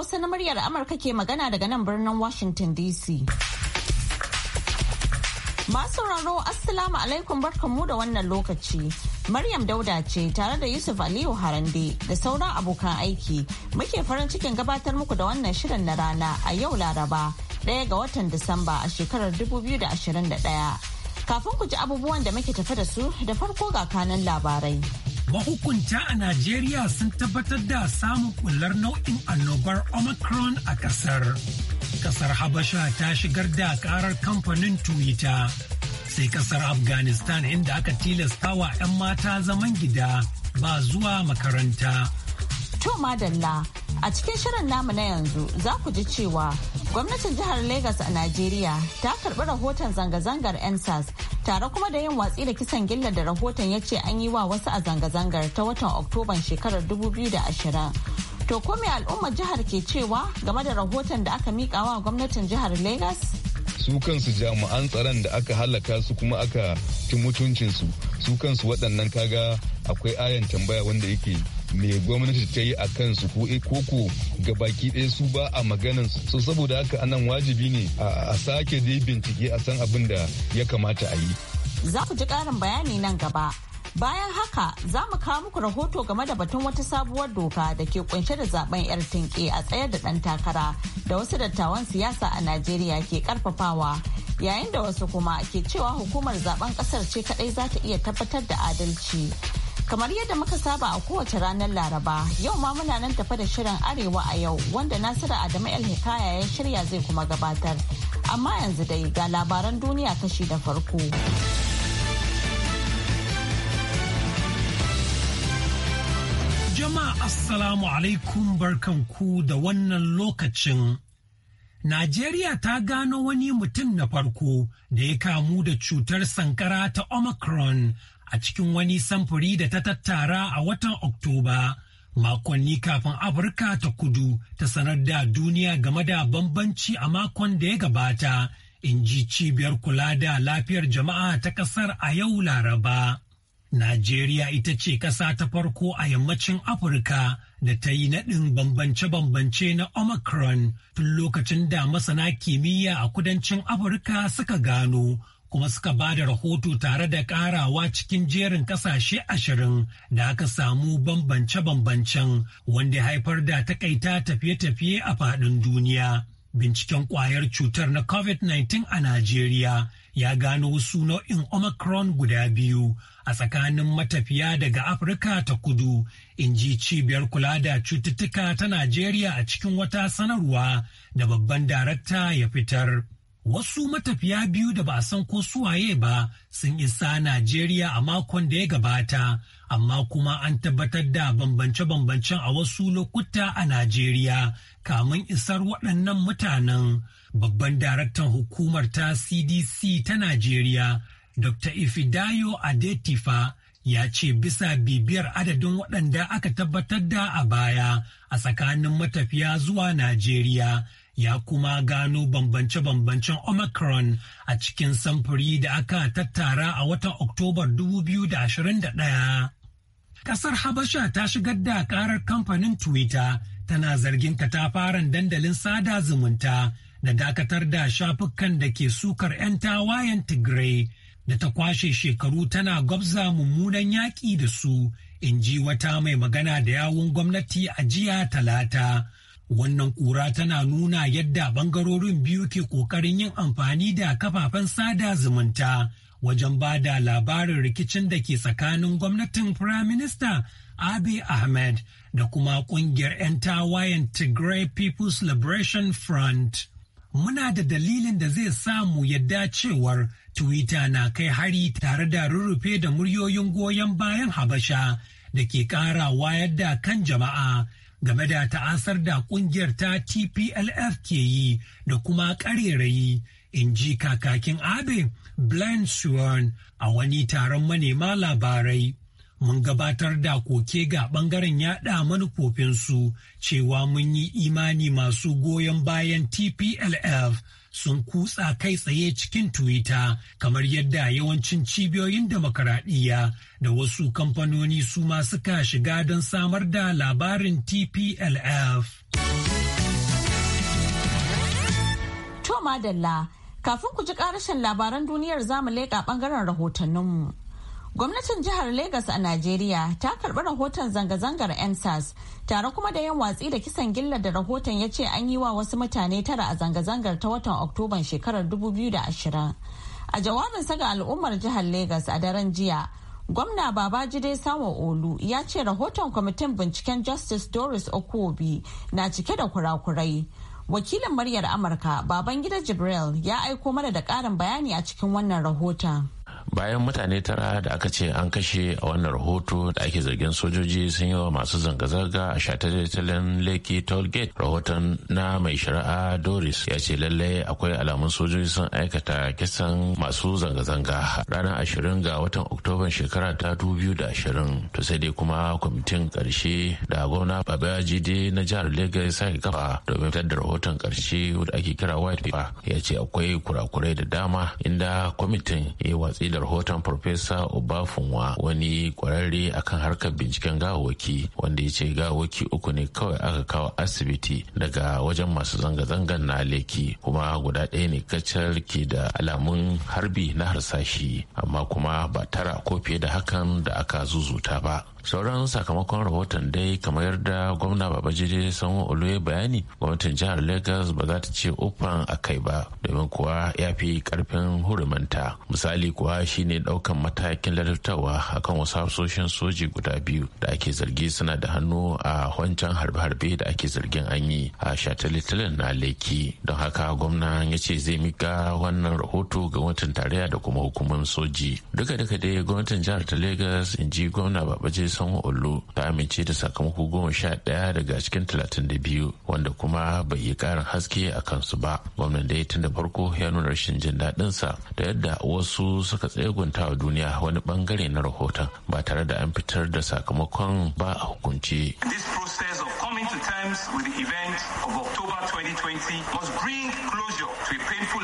Hausa na muryar Amurka ke magana daga nan birnin Washington DC. Masu sauraro Assalamu alaikum barkanmu da wannan lokaci. Maryam Dauda ce tare da Yusuf Aliyu Harande da sauran abokan aiki muke farin cikin gabatar muku da wannan shirin na rana a yau Laraba ɗaya ga watan Disamba a shekarar 2021. Kafin ku ji abubuwan da muke tafi da su da farko ga kanan labarai. mahukunta a Najeriya sun tabbatar da samun kullar nau'in annobar Omicron a ƙasar. Kasar Habasha ta shigar da karar kamfanin Twitter. Sai kasar Afghanistan inda aka tilasta wa 'yan mata zaman gida ba zuwa makaranta. To madalla A cikin shirin namu na yanzu za ku ji cewa gwamnatin jihar Legas a Najeriya ta karbi rahoton zanga-zangar NSAS tare kuma da yin watsi da kisan gillar da rahoton ya ce an yi wa wasu a zanga-zangar ta watan Oktoban shekarar 2020. To kome al'ummar jihar ke cewa game da rahoton da aka miƙa wa gwamnatin jihar Legas? su kansu jami'an tsaron da aka halaka su kuma aka ci mutuncinsu su kansu waɗannan kaga akwai ayan tambaya wanda yake me gwamnati ta yi a kansu ko eh, koko ga baki ɗaya su ba a maganan so saboda haka anan wajibi ne a sake dai bincike a san abin da ya kamata a yi. Za ku ji ƙarin bayani nan gaba. Bayan haka za mu kawo muku rahoto game da batun wata sabuwar doka da ke kunshe da zaben 'yar tinke a tsayar da ɗan takara da wasu dattawan siyasa a Najeriya ke karfafawa yayin da wasu kuma ke cewa hukumar zaben ƙasar ce kaɗai za ta iya tabbatar da adalci. Kamar yadda muka saba a kowace ranar Laraba, yau ma muna nan tafa da shirin Arewa a yau wanda Nasiru Adamu El Hikaya ya shirya zai kuma gabatar. Amma yanzu dai ga labaran duniya kashi da farko. Jama'a Assalamu alaikum barkanku da wannan lokacin. Najeriya ta gano wani mutum na farko da ya kamu da cutar sankara ta Omicron a cikin wani samfuri da ta tattara a watan Oktoba. Makonni kafin Afirka ta kudu ta sanar da duniya game da bambanci a makon da ya gabata, in ji cibiyar kula da lafiyar jama'a ta ƙasar a yau Laraba. Najeriya ita ce ƙasa ta farko a yammacin Afirka da ta yi naɗin bambance-bambance na Omicron tun lokacin da masana kimiyya a kudancin Afirka suka gano kuma suka ba da rahoto tare da ƙarawa cikin jerin ƙasashe ashirin da aka samu bambance-bambancen wanda haifar da takaita tafiye-tafiye a faɗin duniya. Binciken ƙwayar cutar na COVID-19 a Najeriya ya gano wasu nau'in Omicron guda biyu a tsakanin matafiya daga Afirka ta kudu, in ji cibiyar kula da cututtuka ta Najeriya a cikin wata sanarwa da babban darakta ya fitar. Wasu matafiya biyu da ba a san ko suwaye ba sun isa Najeriya a makon da ya gabata, amma kuma an tabbatar da bambance-bambancen a wasu lokuta a Najeriya kamun isar waɗannan mutanen. babban daraktan hukumar ta cdc ta najeriya dr ifidayo adetifa ya ce bisa bibiyar adadin waɗanda aka tabbatar da a baya a tsakanin matafiya zuwa najeriya ya kuma gano bambance-bambancen omicron a cikin samfuri da aka tattara a watan oktobar 2021 Kasar Habasha ta shigar da karar kamfanin Twitter tana zargin katafaren dandalin sada zumunta da dakatar da shafukan da ke sukar 'yan tawayen Tigray da ta kwashe shekaru tana gwabza mummunan yaƙi da su, in ji wata mai magana da yawun gwamnati a jiya talata. Wannan ƙura tana nuna yadda bangarorin biyu ke ƙoƙarin yin amfani da kafafen sada zumunta wajen ba da labarin rikicin da ke tsakanin gwamnatin Firaminista Abiy Ahmed da kuma ƙungiyar 'yan tawayen Tigray People's Liberation Front. muna da dalilin da zai samu yadda cewar Twitter na kai hari tare da rurrufe da muryoyin goyon bayan Habasha da ke ƙara wayar da kan jama'a game da ta'asar da ƙungiyar ta TPLF ke yi da kuma ƙarerayi, in ji kakakin Abe Blind Swan a wani taron manema labarai. mun gabatar da koke ga bangaren yada manufofinsu cewa mun yi imani masu goyon bayan tplf sun kutsa kai tsaye cikin twitter kamar yadda yawancin cibiyoyin demokaradiyya da wasu kamfanoni su ma suka shiga don samar da labarin tplf to madalla kafin ku ji karashin labaran duniyar zamu leƙa bangaren rahotanninmu. Gwamnatin jihar Legas a Najeriya ta karɓi rahoton zanga-zangar NSAS tare kuma da yin watsi da kisan gilla da rahoton ya ce an yi wa wasu mutane tara a zanga-zangar ta watan Oktoban shekarar 2020. A jawabinsa ga al'ummar jihar Legas a daren jiya, gwamna babajide Sawa olu ya ce rahoton kwamitin binciken justice doris okobi na cike da kurakurai wakilin muryar amurka baban gida jibril ya aiko mana da ƙarin bayani a cikin wannan rahoton bayan mutane tara da aka ce an kashe a wannan rahoto da ake zargin sojoji sun yi wa masu zanga-zanga a shataletalen leki tollgate rahoton na mai shari'a doris ya ce lallai akwai alamun sojoji sun aikata kisan masu zanga-zanga ranar ashirin ga watan oktoban shekara ta ashirin to sai dai kuma kwamitin karshe da gwamna babajide na jihar Legas ake kafa domin fitar da rahoton karshe da ake kira white paper ya ce akwai kurakurai da dama inda kwamitin ya watsi da rahoton Farfesa Obafunwa wani kwararre akan harkar binciken gawawaki wanda ya ce gawawaki uku ne kawai aka kawo asibiti daga wajen masu zanga-zangan na leki kuma guda ɗaya ne kacal ke da alamun harbi na harsashi amma kuma ba tara ko fiye da hakan da aka zuzuta ba. sauran sakamakon rahoton dai kamar yadda gwamna babajide sanwo oluwe bayani gwamnatin jihar lagos ba za ta ce ufan a kai ba domin kuwa ya fi karfin hurumanta misali kuwa shine daukan matakin ladabtarwa akan wasu hafsoshin soji guda biyu da ake zargi suna da hannu a wancan harbe-harbe da ake zargin an yi a shatalitalin na leki don haka gwamna ya ce zai mika wannan rahoto ga watan tarayya da kuma hukumar soji duka duka dai gwamnatin jihar ta lagos in ji gwamna babaje sanwo olu ta amince da sakamako goma sha daya daga cikin talatin da biyu wanda kuma bai yi karin haske a kansu ba gwamnan dai tun da farko ya nuna rashin jin daɗinsa da yadda wasu suka tsaye tsegunta wa duniya wani bangare na rahoton ba tare da an fitar da sakamakon ba a hukunce. This process of coming to terms with the event of October 2020 must bring closure to a painful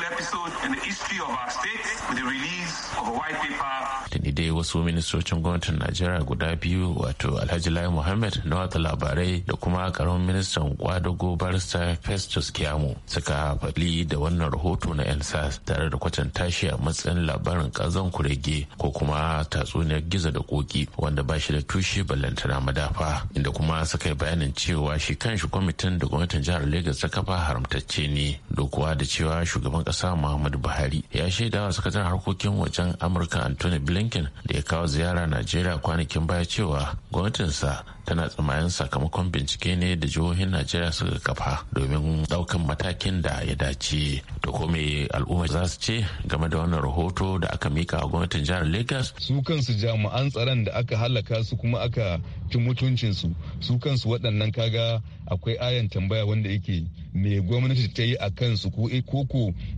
dai wasu ministocin gwamnatin Najeriya guda biyu wato Alhaji Lai Muhammad na wata labarai da kuma karamin ministan kwadago barista Festus Kiamu suka faɗi da wannan rahoto na NSAS tare da kwatanta shi a matsayin labarin kazan kurege ko kuma tatsuniyar gizo da koki wanda ba shi da tushe ballantana madafa inda kuma suka yi bayanin cewa shi kanshi kwamitin da gwamnatin jihar Legas ta kafa haramtacce ne dokuwa da cewa shugaban kasa Muhammadu muhammadu buhari ya shaida wa sakataren harkokin wajen amurka anthony blinken da ya kawo ziyara najeriya kwanakin baya cewa gwamnatinsa tana tsamayen sakamakon bincike ne da jihohin najeriya suka kafa domin daukan matakin da ya dace to ko me al'umma za su ce game da wannan rahoto da aka mika a gwamnatin jihar lagos su kansu jami'an tsaron da aka halaka su kuma aka ci mutuncinsu su kansu waɗannan kaga akwai ayan tambaya wanda yake me gwamnati ta yi a kansu ko eh, ko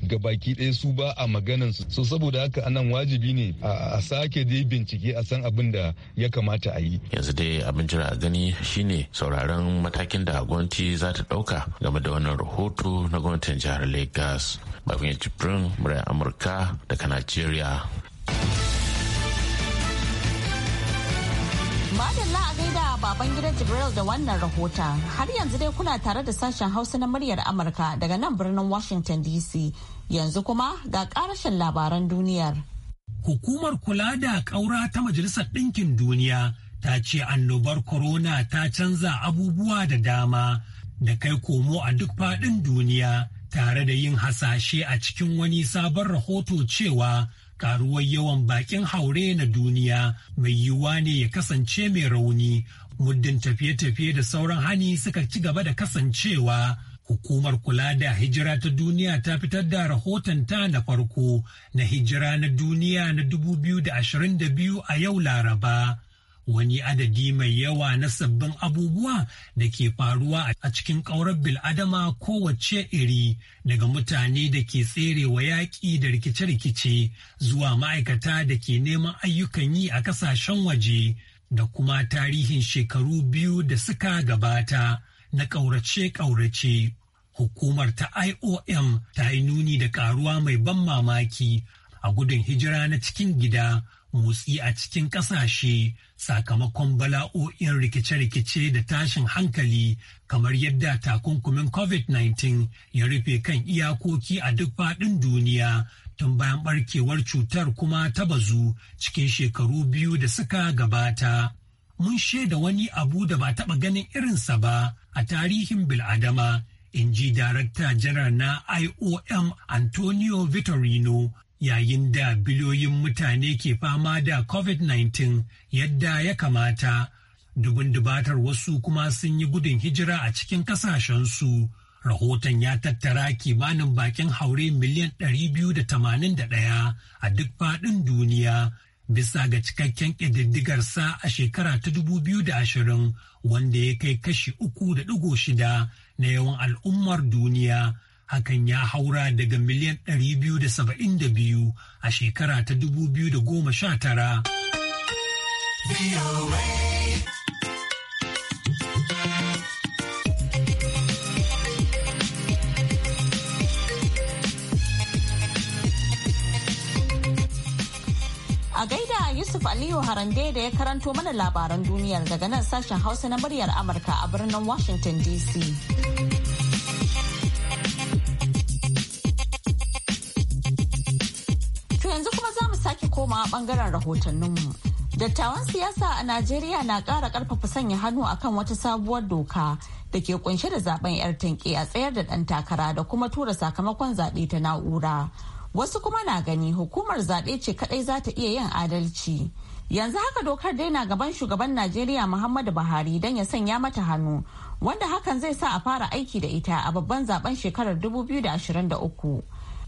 ga baki ɗaya su ba a maganan su so saboda haka anan wajibi ne a sake dai bincike a san abin da ya kamata a yi yanzu dai abin jira a gani shine sauraron matakin da gwamnati za ta ɗauka game da wannan rahoto na gwamnatin jihar lagos bafin jibrin murai amurka daga nigeria saban gidan Jibril da wannan rahota, Har yanzu dai kuna tare da sashen Hausa na muryar Amurka daga nan birnin Washington DC. Yanzu kuma ga karashin labaran duniyar. Hukumar kula da ƙaura ta Majalisar Ɗinkin Duniya ta ce annobar corona ta canza abubuwa da dama da kai komo a duk faɗin duniya tare da yin hasashe a cikin wani sabon rahoto cewa karuwar yawan bakin haure na duniya mai yiwuwa ne ya kasance mai rauni muddin tafiye-tafiye da sauran hani suka ci gaba da kasancewa hukumar kula da hijira ta duniya ta fitar da rahoton ta na farko na hijira na duniya na 2022 a yau laraba wani adadi mai yawa na sabbin abubuwa da ke faruwa a cikin ƙaurar bil'adama kowace iri daga mutane da ke tserewa yaƙi da rikice-rikice zuwa ma'aikata da ke neman ayyukan yi a ƙasashen waje da kuma tarihin shekaru biyu da suka gabata na ƙaurace-ƙaurace. Hukumar ta IOM ta yi nuni da ƙaruwa mai ban mamaki a gudun hijira na cikin gida motsi a cikin ƙasashe sakamakon bala'o'in rikice-rikice da tashin hankali kamar yadda takunkumin covid-19 ya rufe kan iyakoki a duk faɗin duniya tun bayan barkewar cutar kuma ta bazu cikin shekaru biyu da suka gabata. Mun shaida wani abu da ba taɓa ganin irinsa ba a tarihin bil'adama, in ji Darakta Janar na IOM Antonio Vitorino yayin da biliyoyin mutane ke fama da covid-19 yadda ya kamata dubin dubatar wasu kuma sun yi gudun hijira a cikin kasashensu rahoton ya tattara kimanin bakin haure miliyan 281 a duk faɗin duniya bisa ga cikakken ƙididdigarsa a shekara ta 2020 wanda ya kai kashi 3.6 na yawan al'ummar duniya hakan ya haura daga miliyan 272 a shekara ta 2019. A gaida Yusuf Aliyu Harande da ya karanto mana labaran duniyar daga nan sashen Hausa na muryar Amurka a birnin Washington DC. bangaren rahotanninmu. Dattawan siyasa a Najeriya na ƙara ƙarfafa sanya hannu akan wata sabuwar doka da ke kunshe da zaben 'yar tanke a tsayar da ɗan takara da kuma tura sakamakon zaɓe ta na'ura. Wasu kuma na gani hukumar zaɓe ce kaɗai za ta iya yin adalci. Yanzu haka dokar dai na gaban shugaban Najeriya Muhammadu Buhari don ya sanya mata hannu, wanda hakan zai sa a fara aiki da ita a babban zaben shekarar 2023.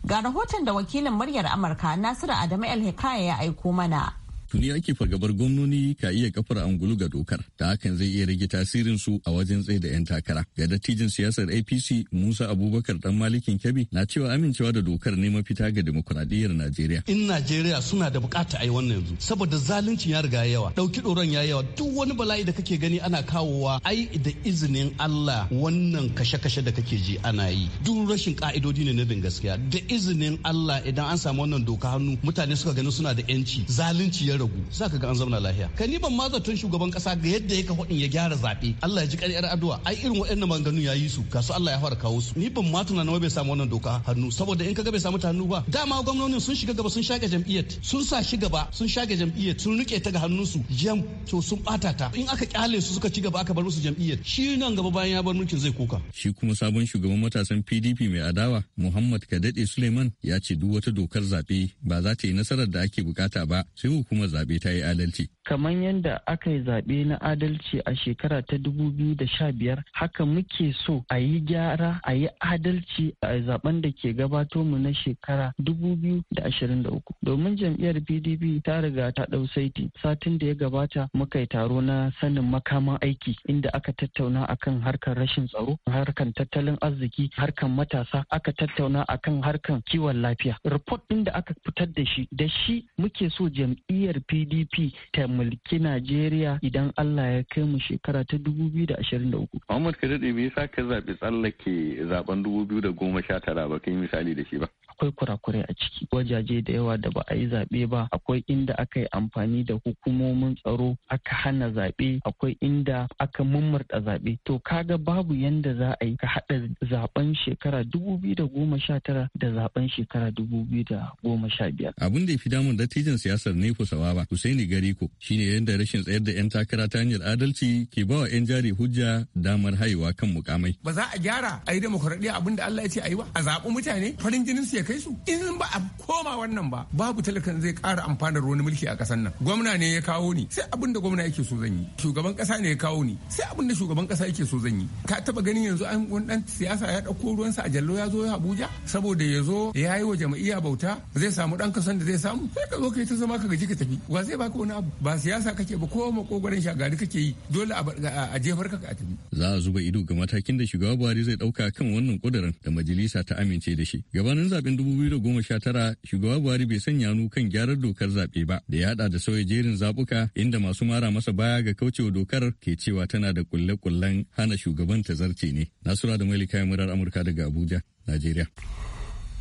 Ga rahoton da wakilin muryar Amurka Nasiru Adamu El Hikaya ya aiko mana. tuni ake fargabar gwamnoni ka iya kafar angulu ga dokar da hakan zai iya rage tasirin su a wajen tsaye da 'yan takara ga dattijin siyasar apc musa abubakar dan malikin kebbi na cewa amincewa da dokar ne mafita ga demokuraɗiyyar najeriya in najeriya suna da bukata a yi wannan yanzu saboda zalunci ya riga yawa ɗauki ɗoron ya yawa duk wani bala'i da kake gani ana kawowa ai da izinin allah wannan kashe-kashe da kake ji ana yi duk rashin ka'idodi ne na bin gaskiya da izinin allah idan an samu wannan doka hannu mutane suka gani suna da 'yanci zalunci ya ragu za ka ga an zauna lafiya ka ni ban ma zaton shugaban kasa ga yadda ya kafa ya gyara zaɓe Allah ya ji ƙaryar addu'a ai irin waɗannan maganganu ya yi su ka su Allah ya fara kawo su ni ban ma tunanin bai samu wannan doka hannu saboda in kaga bai samu ta hannu ba dama gwamnonin sun shiga gaba sun shaƙe jam'iyyar sun sa shi gaba sun shaƙe jam'iyyar sun rike ta ga hannunsu jam to sun bata ta in aka kyale su suka ci gaba aka bar musu jam'iyyar shi nan gaba bayan ya bar mulkin zai koka. shi kuma sabon shugaban matasan PDP mai adawa Muhammad Kadade Suleiman ya ce duk wata dokar zaɓe ba za ta yi nasarar da ake bukata ba sai hukumar zaɓe ta yi adalci? Kamar yadda aka yi zaɓe na adalci a shekara ta 2015 haka muke so a yi gyara a yi adalci a zaben da ke gabato mu na shekara 2023. Domin jam'iyyar PDP ta riga ta ɗau saiti satin da ya gabata muka yi taro na sanin makaman aiki inda aka tattauna akan harkar rashin tsaro, harkar tattalin arziki, harkar matasa, aka tattauna akan harkar kiwon lafiya. Report ɗin da aka fitar da shi, da shi muke so jam'iyyar pdp ta mulki najeriya idan allah ya kai mu shekara ta 2023 muhammad kadade me yasa ka zaɓi tsallake zaben 2019 ba kai misali da shi ba akwai kurakurai a ciki wajaje da yawa da ba a yi zaɓe ba akwai inda aka yi amfani da hukumomin tsaro aka hana zaɓe akwai inda aka mummurta zaɓe to kaga babu yanda za a yi ka haɗa zaben shekara dubu biyu da goma sha tara da zaben shekara dubu biyu da goma sha biyar. abin da ya fi damun dattijan siyasar ne kusawa ba husaini gariko shine yadda rashin tsayar da 'yan takara ta hanyar adalci ke bawa 'yan jari hujja damar haihuwa kan mukamai. ba za a gyara a yi demokuraɗiyya abin da allah ya ce a yi ba a zaɓi mutane farin jinin su ya kai su in ba a koma wannan ba babu talakan zai kara amfanar ruwan mulki a ƙasar nan gwamna ne ya kawo ni sai abin da gwamna yake so zan yi shugaban ƙasa ne ya kawo ni sai abin da shugaban ƙasa yake so zan yi ka taba ganin yanzu an wani dan siyasa ya ɗauko ruwansa a jallo ya zo ya Abuja saboda ya zo ya yi wa jama'iya bauta zai samu ɗan kasan da zai samu sai ka zo kai ta zama ka gaji ka tafi wa zai baka wani abu ba siyasa kake ba ko makogoron shagari kake yi dole a jefar ka a tafi. Za a zuba ido ga matakin da shugaba Buhari zai ɗauka kan wannan ƙudurin da majalisa ta amince da shi. Gabanin zaɓen zaben 2019 shugaba Buhari bai sanya hannu kan gyaran dokar zaɓe ba da ya haɗa da sauya jerin zabuka inda masu mara masa baya ga kaucewa dokar ke cewa tana da kulle-kullen hana shugaban ta zarce ne. Nasura da Malika Murar Amurka daga Abuja, Najeriya.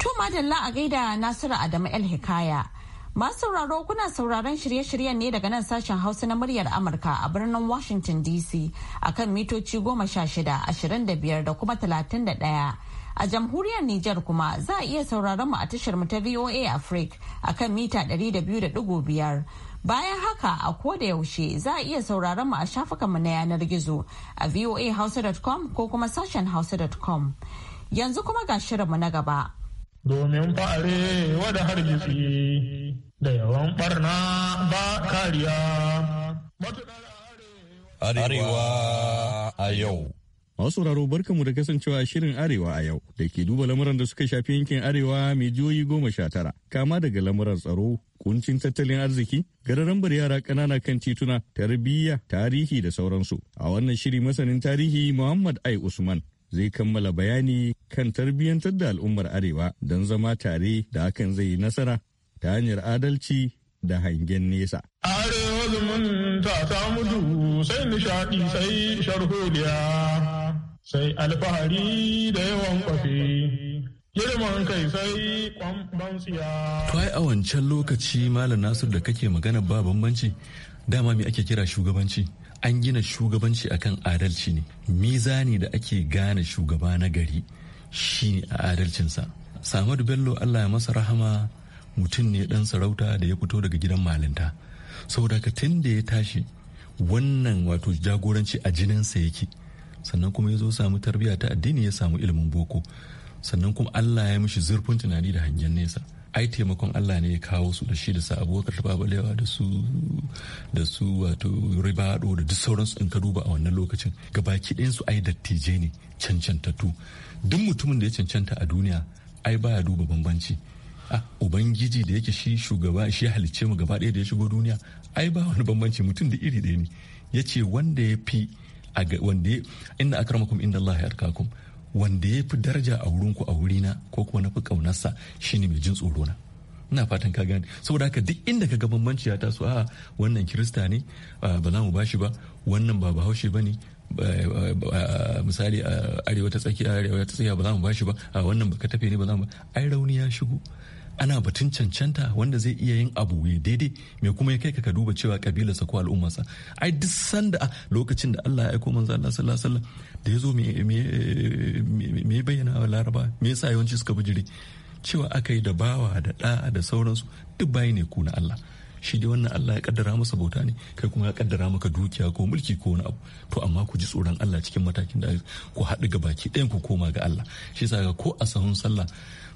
To madalla a gaida Nasiru Adamu El Hikaya. Masu sauraro kuna sauraron shirye-shiryen ne daga nan sashen Hausa na muryar Amurka a birnin Washington DC akan mitoci goma sha shida, ashirin da biyar da kuma talatin da ɗaya. A jamhuriyar Nijar kuma za a iya sauraron mu a tashar mu ta VOA Africa a kan mita 200.5. Bayan haka a koda yaushe za a iya sauraron mu a mu na yanar gizo a voahausa.com ko kuma sashen hausa.com. Yanzu kuma ga mu na gaba. Domin fa'are wada hargitsi da yawan barna ba kariya. Arewa a yau. Masu sauraro barkanmu da kasancewa shirin Arewa a yau da ke duba lamuran da suka shafi yankin Arewa mai jihohi goma sha tara kama daga lamuran tsaro, kuncin tattalin arziki, gararambar yara kanana kan tituna, tarbiyya, tarihi da sauransu. A wannan shiri masanin tarihi Muhammad Ai Usman zai kammala bayani kan tarbiyyantar da al'ummar Arewa don zama tare da hakan zai yi nasara ta hanyar adalci da hangen nesa. Arewa zumunta ta mudu sai nishaɗi sai sharholiya. sai alfahari da yawan kwafi. Girman kai sai kwamban siya. Fai a wancan lokaci Malam Nasir da kake magana ba bambanci dama me ake kira shugabanci. An gina shugabanci akan adalci ne. Mizani da ake gane shugaba na gari shi ne a adalcinsa. Samadu Bello Allah ya masa rahama mutum ne dan sarauta da ya fito daga gidan malinta. Saboda ka tun da ya tashi wannan wato jagoranci a jininsa yake. sannan kuma ya zo samu tarbiyya ta addini ya samu ilimin boko sannan kuma Allah ya mishi zurfin tunani da hangen nesa ai taimakon Allah ne ya kawo su da shi da sa abubakar ta babalewa da su da su wato ribado da duk sauransu in ka duba a wannan lokacin gabaki ɗayan su ai dattijai ne cancantattu duk mutumin da ya cancanta a duniya ai baya duba bambanci a ubangiji da yake shi shugaba shi halicce mu gaba ɗaya da ya shigo duniya ai ba wani bambanci mutum da iri ɗaya ne ya ce wanda ya fi wanda inna akramakum inda Allah ya arkakum wanda ya fi daraja a wurinku a wurina ko kuma na fi ƙaunarsa shine mai jin tsoro na ina fatan ka gane saboda haka duk inda ka ga bambanci ya taso a wannan kirista ne ba za mu bashi ba wannan ba bahaushe ba ne misali a arewa ta tsakiya arewa ta tsakiya ba za mu bashi ba wannan ba ka tafe ne ba za mu ai rauni ya shigo ana batun cancanta wanda zai iya yin abu ya daidai me kuma ya kai ka duba cewa kabilarsa ko al'ummarsa ai duk sanda a lokacin da Allah ya aiko manzo Allah sallallahu alaihi wasallam da yazo me me bayyana wa laraba me yasa yawanci suka bijire cewa aka yi da bawa da da da sauransu duk bayi ne ku na Allah shi dai wannan Allah ya kaddara masa bauta ne kai kuma ya kaddara maka dukiya ko mulki ko wani abu to amma ku ji tsoron Allah cikin matakin da ku haɗu ga baki ɗayan ku koma ga Allah shi yasa ga ko a sahun sallah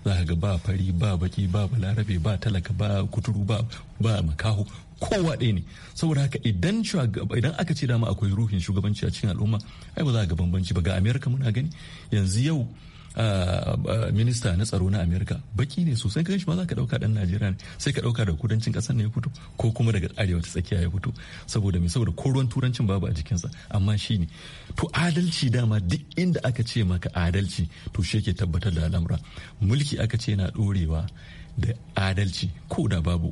za ka ga ba fari ba baki ba balarabe ba talaka ba kuturu ba ba makaho kowa ɗaya ne saboda haka idan idan aka ce dama akwai ruhin shugabanci a cikin al'umma ai ba za ka ga bambanci ba ga amerika muna gani yanzu yau Eh, minista na tsaro na amerika baki ne sosai kan shi ma za ka dauka dan najeriya ne sai ka dauka daga kudancin kasar ne ya fito ko kuma daga arewa ta tsakiya ya fito saboda mai saboda ko ruwan turancin babu a jikinsa amma shi ne to adalci dama duk inda aka ce maka adalci to shi ke tabbatar da al'amura mulki aka ce yana dorewa da adalci ko da babu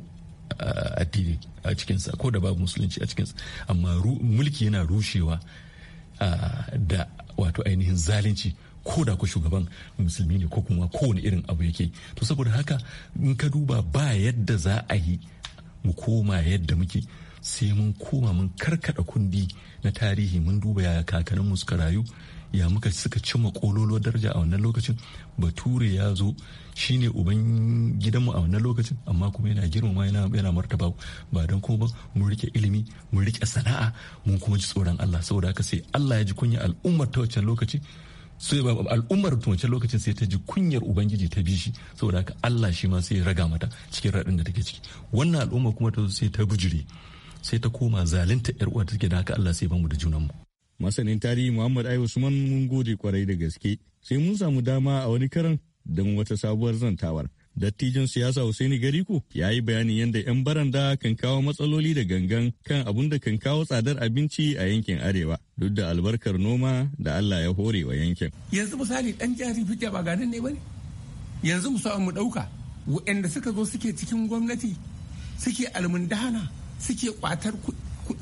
eh, addini a cikinsa ko da babu musulunci a cikinsa amma mulki yana rushewa eh, da wato ainihin zalunci ko da ku shugaban musulmi ne ko kuma kowane irin abu yake to saboda haka in ka duba ba yadda za a yi mu koma yadda muke sai mun koma mun karkada kundi na tarihi mun duba ya kakanninmu suka rayu ya muka suka cimma kololo daraja a wannan lokacin bature ya zo shi ne uban gidanmu a wannan lokacin amma kuma yana girmama yana martaba ba don kuma ba mun rike ilimi mun rike sana'a mun kuma ji tsoron Allah saboda haka sai Allah ya ji kunya al'ummar ta wancan lokaci sai al'ummar tumancin lokacin sai ta ji kunyar ubangiji ta bi shi saboda haka Allah shi ma sai ya raga mata cikin radin da take ciki wannan al'umma kuma ta sai ta bujire sai ta koma zalunta yar uwa take da haka Allah sai bamu da junan mu. masanin tarihi Muhammad Ai Usman mun gode kwarai da gaske sai mun samu dama a wani karan don wata sabuwar zantawar Dattijin siyasa Hussaini Gariku ya yi bayanin yadda 'yan baranda kan kawo matsaloli da gangan kan abun da kan kawo tsadar abinci a yankin Arewa duk da albarkar noma da Allah ya hore wa yankin. Yanzu misali ɗan jihar Fija ba ganin ne bane? Yanzu mu mu ɗauka waɗanda suka zo suke cikin gwamnati suke almundahana suke kwatar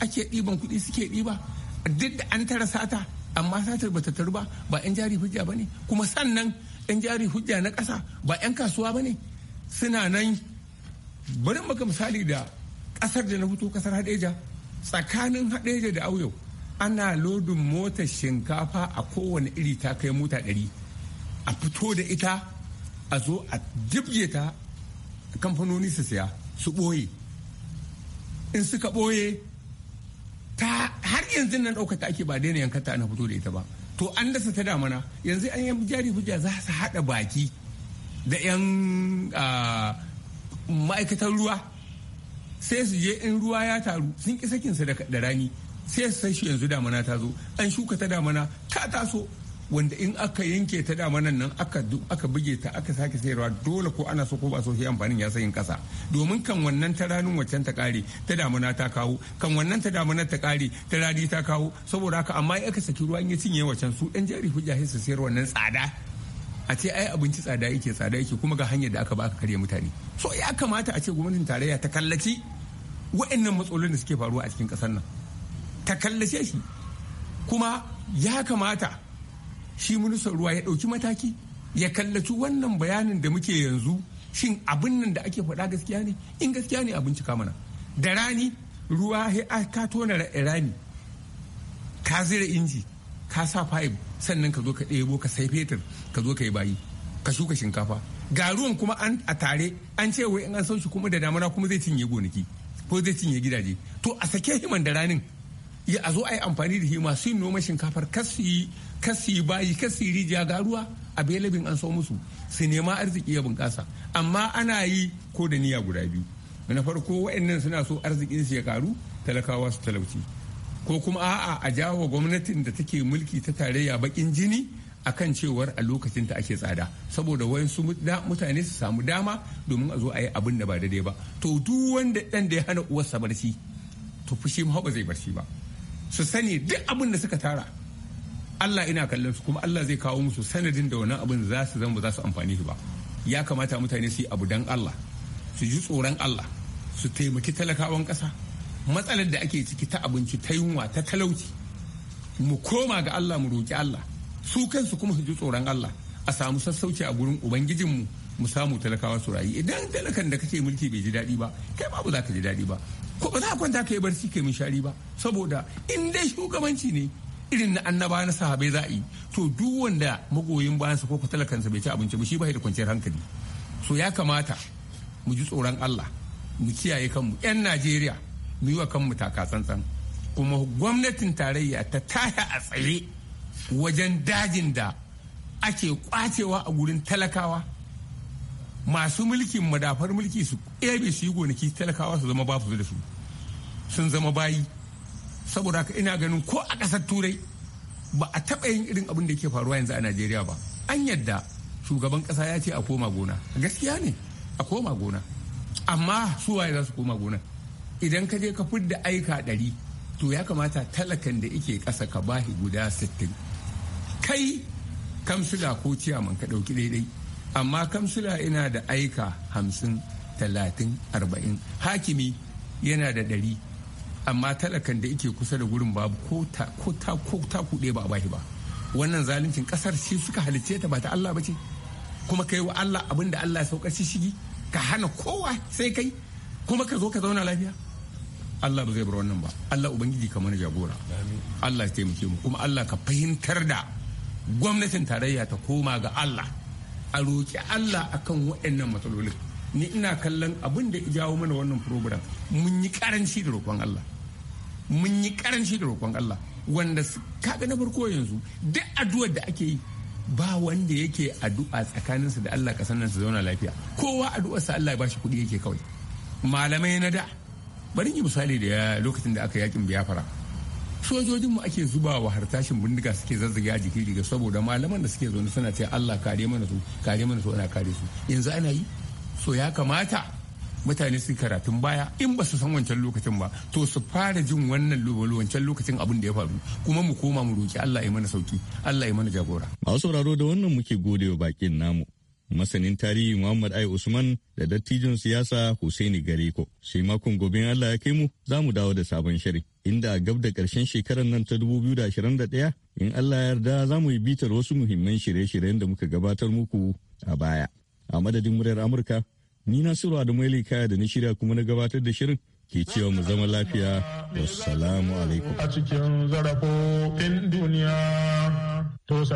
ake ɗiban kuɗi suke ɗiba duk da an tara sata amma satar bata taru ba ba 'yan jari hujja ba ne kuma sannan 'yan jari hujja na ƙasa ba 'yan kasuwa ba ne suna nan bari maka misali da ƙasar da na fito ƙasar hadeja tsakanin hadeja da auyo ana lodin motar shinkafa a kowane iri ta kai mota ɗari a fito da ita a zo a jibge ta kamfanoni su siya su ɓoye in suka ɓoye ta har yanzu nan ɗaukata ake ba daina yankata ana fito da ita ba to an dasa ta damana yanzu an yi jari hujja za su haɗa baki da 'yan ma'aikatan ruwa sai su je in ruwa ya taru sun ƙi sakinsa da rani sai su san shi yanzu damana ta zo an shuka ta damana ta taso wanda in aka yanke ta dama nan aka aka buge ta aka sake sayarwa dole ko ana so ko ba so sai amfanin ya sayin kasa domin kan wannan ta ranin waccan ta kare ta damuna ta kawo kan wannan ta damunar ta kare ta rani ta kawo saboda haka amma in aka saki ruwan ya cinye waccan su dan jari hujja sai su sayar wannan tsada a ce ai abinci tsada yake tsada yake kuma ga hanyar da aka ba aka karya mutane so ya kamata a ce gwamnatin tarayya ta kallaci wa'annan matsalolin da suke faruwa a cikin kasar nan ta kallace shi kuma ya kamata shi ministan ruwa ya ɗauki mataki ya kallaci wannan bayanin da muke yanzu shin abin nan da ake faɗa gaskiya ne in gaskiya ne abin cika mana da rani ruwa ka tona rani ka zira inji ka sa fayib sannan ka zo ka ɗebo ka sai fetur ka zo ka yi bayi ka shuka shinkafa ga ruwan kuma an a tare an ce wai in an sauki kuma da damana kuma zai cinye gonaki ko zai cinye gidaje to a sake himan da ranin ya a zo a yi amfani da shi masu yin noman shinkafar kasi bayi kasi rijiya ga ruwa a belabin an so musu su nema arziki ya bunƙasa amma ana yi ko da niyya guda biyu na farko waɗannan suna so arzikin su ya karu talakawa su talauci ko kuma a'a a jawo gwamnatin da take mulki ta tarayya bakin jini akan cewar a lokacin ta ake tsada saboda wayansu mutane su samu dama domin a zo a yi abin da ba daidai ba to duk wanda ɗan da ya hana uwarsa barci to fushi ma ba zai barci ba su sani duk abin da suka tara Allah ina kallon su kuma Allah zai kawo musu sanadin da wannan abin za su zama ba za su amfani shi ba ya kamata mutane su yi abu dan Allah su ji tsoron Allah su taimaki talakawan ƙasa matsalar da ake ciki ta abinci ta yunwa ta talauci mu koma ga Allah mu roki Allah su kansu kuma su ji tsoron Allah a samu sassauci a gurin Ubangijin mu mu samu talakawa su rayu idan talakan da kake mulki bai ji daɗi ba kai babu za ka ji daɗi ba ko ba za a kwanta ka yi barci ka min mishari ba saboda in dai shugabanci ne irin na annaba na sahabai za a yi to duk wanda magoyin bayansa ko talakansa bai ci abinci ba shi ba da kwanciyar hankali so ya kamata mu ji tsoron Allah mu kiyaye kanmu 'yan Najeriya mu yi wa kanmu taka tsantsan kuma gwamnatin tarayya ta taya a tsaye wajen dajin da ake kwacewa a gurin talakawa masu mulkin madafar mulki su ebe su yi gonaki talakawa su zama ba su da su sun zama bayi saboda ka ina ganin ko a ƙasar turai ba a taɓa yin irin abin da ke faruwa yanzu a najeriya ba an yadda shugaban ƙasa ya ce a koma gona gaskiya ne a koma gona amma su waye za su koma gona idan ka je ka fidda aika ɗari to ya kamata talakan da ike ƙasa ka bahi guda sittin kai kamsila ko ciyaman ka ɗauki ɗaiɗai amma kamsila ina da aika hamsin talatin arba'in hakimi yana da ɗari amma talakan da yake kusa da gurin babu ko ta ko ta kuɗe ba bashi ba wannan zaluncin kasar shi suka halicce ta ba ta Allah ba ce kuma kai wa Allah abin da Allah sauka shi shigi ka hana kowa sai kai kuma ka zo ka zauna lafiya Allah ba zai bar wannan ba Allah ubangiji ka mana jagora Allah ya taimake mu kuma Allah ka fahimtar da gwamnatin tarayya ta koma ga Allah a roki Allah akan waɗannan matsalolin ni ina kallon abin da ya jawo mana wannan program mun yi karanci da roƙon Allah mun yi karanci da roƙon Allah wanda kaga na farko yanzu duk addu'ar da ake yi ba wanda yake addu'a tsakaninsa da Allah kasan nan su zauna lafiya kowa addu'ar sa Allah ya bashi kuɗi yake kawai malamai na da bari yi misali da lokacin da aka yakin biyafara sojojinmu ake zuba wa hartashin bindiga suke zazzaga a jiki riga saboda malaman da suke zaune suna ce Allah kare mana su kare mana su ana kare su yanzu ana yi so ya kamata mutane su karatun baya in ba su san wancan lokacin ba to su fara jin wannan wancan lokacin abin da ya faru kuma mu koma mu roki Allah ya mana sauki Allah ya mana jagora masu sauraro da wannan muke gode wa bakin namu masanin tarihi Muhammad Ai Usman da dattijon siyasa Husaini Gareko. Sai makon gobe Allah ya kai mu za mu dawo da sabon shirin. Inda a gab da karshen shekarar nan ta 2021 in Allah ya yarda za mu yi bitar wasu muhimman shirye-shiryen da muka gabatar muku a baya. A madadin muryar Amurka, Ni Nasiru Adamu kaya da na shirya kuma na gabatar da shirin ke cewa mu zama lafiya. Wassalamu alaikum. A cikin zarafofin duniya. To kai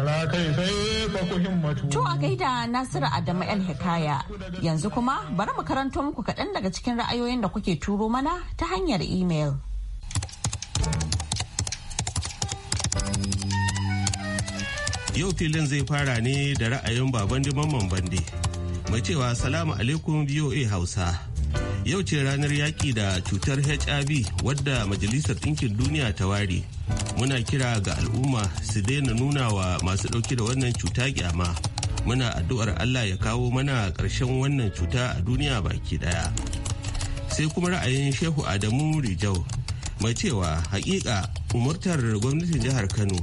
sai ku himmatu. To a gaida Nasiru Adamu El Hikaya. Yanzu kuma bari mu karanto muku kaɗan daga cikin ra'ayoyin da kuke turo mana ta hanyar email Yau filin zai fara ne da ra'ayin baban diman bande mai cewa salamu alaikum voa hausa yau ce ranar yaƙi da cutar hiv wadda majalisar ɗinkin duniya ta ware muna kira ga al'umma su daina nuna wa masu ɗauki da wannan cuta kyama muna addu'ar allah ya kawo mana ƙarshen wannan cuta a duniya baki ɗaya sai kuma ra'ayin shehu adamu rijau mai cewa hakika umartar gwamnatin jihar kano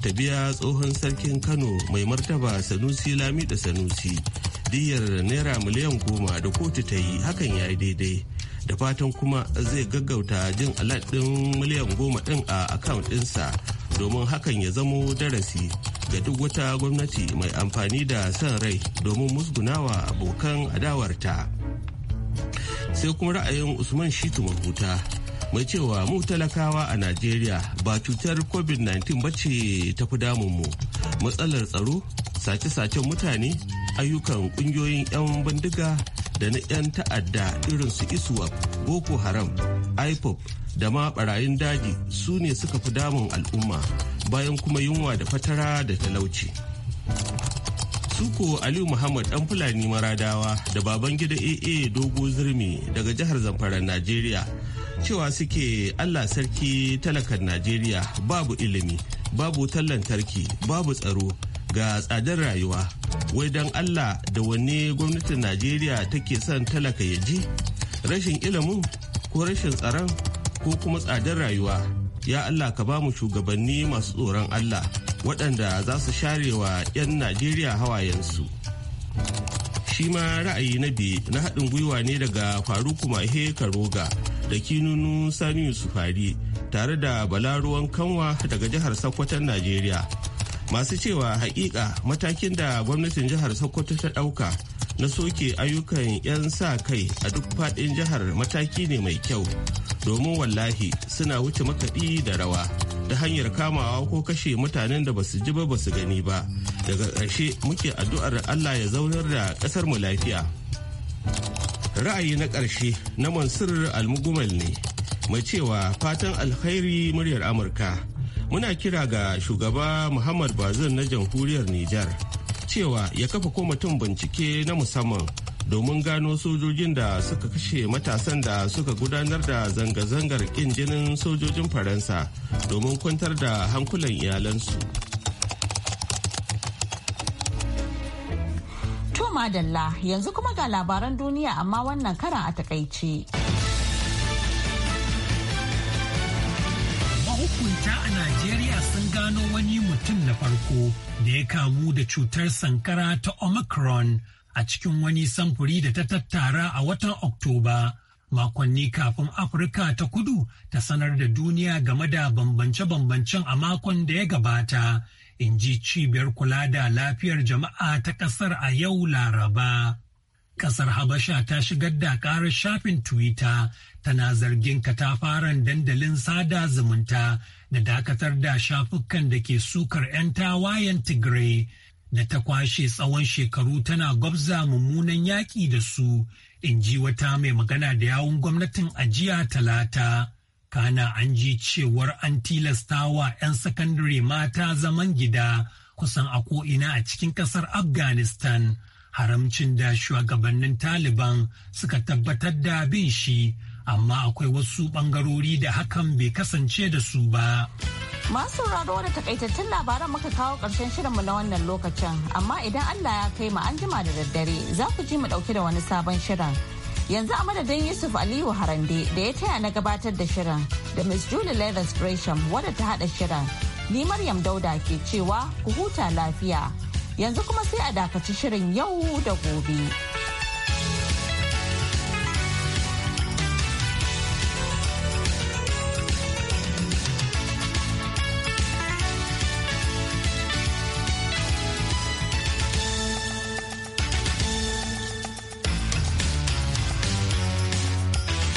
ta biya tsohon sarkin kano mai martaba sanusi lami da sanusi diyyar naira miliyan goma da kotu ta yi hakan ya yi daidai da fatan kuma zai gaggauta jin alat ɗin miliyan goma ɗin a akawun ɗinsa domin hakan ya zamo darasi ga duk wata gwamnati mai amfani da son rai domin musgunawa abokan adawarta sai kuma ra'ayin usman shitu mahuta mai cewa mu talakawa a najeriya ba cutar covid-19 ce ta fi damunmu matsalar tsaro sace-sacen mutane ayyukan kungiyoyin 'yan bindiga da na 'yan ta'adda irin su iswap boko haram ipop da ma barayin daji su ne suka fi damun al'umma bayan kuma yunwa da fatara da talauci suko aliyu muhammad dan fulani maradawa da baban gida aa dogo zirmi daga jihar zamfara najeriya cewa suke allah sarki talakan najeriya babu ilimi babu wutar lantarki babu tsaro Ga tsadar rayuwa wai don allah da wanne gwamnatin najeriya take son talaka ya ji rashin ilimin ko rashin tsaron ko kuma tsadar rayuwa ya allah ka ba mu shugabanni masu tsoron allah waɗanda za su sharewa 'yan najeriya hawayensu shi ma ra'ayi na biyu na haɗin gwiwa ne daga faruku mahe karoga da kinunu sani yusufari tare da balaruwan kanwa daga jihar sokoton najeriya masu cewa hakika matakin da gwamnatin jihar sokoto ta ɗauka na soke ayyukan 'yan sa kai a duk faɗin jihar mataki ne mai kyau domin wallahi suna wuce makaɗi da rawa da hanyar kamawa ko kashe mutanen da basu ji ba basu gani ba daga ƙarshe muke addu'ar allah ya zaunar da ƙasar mu lafiya ra'ayi na ƙarshe na mansur almugumal ne mai cewa fatan alkhairi muryar amurka muna kira ga shugaba muhammad bazin na jamhuriyar nijar cewa ya kafa kwamitin bincike na musamman domin gano sojojin da suka kashe matasan da suka gudanar da zanga-zangar kin jinin sojojin faransa domin kwantar da hankulan iyalansu to madalla yanzu kuma ga labaran duniya amma wannan karan a takaice. mahukunta a Najeriya sun gano wani mutum na farko da ya kamu da cutar sankara ta Omicron a cikin wani samfuri da ta tattara a watan Oktoba. Makonni kafin Afirka ta kudu ta sanar da duniya game da bambance-bambancen a makon da ya gabata, in ji cibiyar kula da lafiyar jama'a ta ƙasar a yau Laraba. ƙasar Habasha ta shigar da ƙarar shafin Twitter tana zargin katafaren dandalin sada zumunta da dakatar da shafukan da ke sukar 'yan tawayen Tigray da ta kwashe tsawon shekaru tana gwabza mummunan yaƙi da su, in ji wata mai magana da yawun gwamnatin ajiya talata. Kana an ji cewar an tilastawa 'yan sakandare mata zaman gida kusan a ko'ina a cikin ƙasar Afghanistan. haramcin da shugabannin taliban suka tabbatar da bin shi amma akwai wasu bangarori da hakan bai kasance da su ba. Masu sauraro da takaitattun labaran muka kawo ƙarshen shirinmu na wannan lokacin, amma idan Allah ya kai mu an jima da daddare za ku ji mu ɗauki da wani sabon shirin. Yanzu a madadin Yusuf Aliyu Harande da ya taya na gabatar da shirin da Miss Julie Leathers Gresham wadda ta haɗa shirin. Ni Maryam Dauda ke cewa ku huta lafiya. Yanzu kuma sai a dakaci shirin yau da gobe.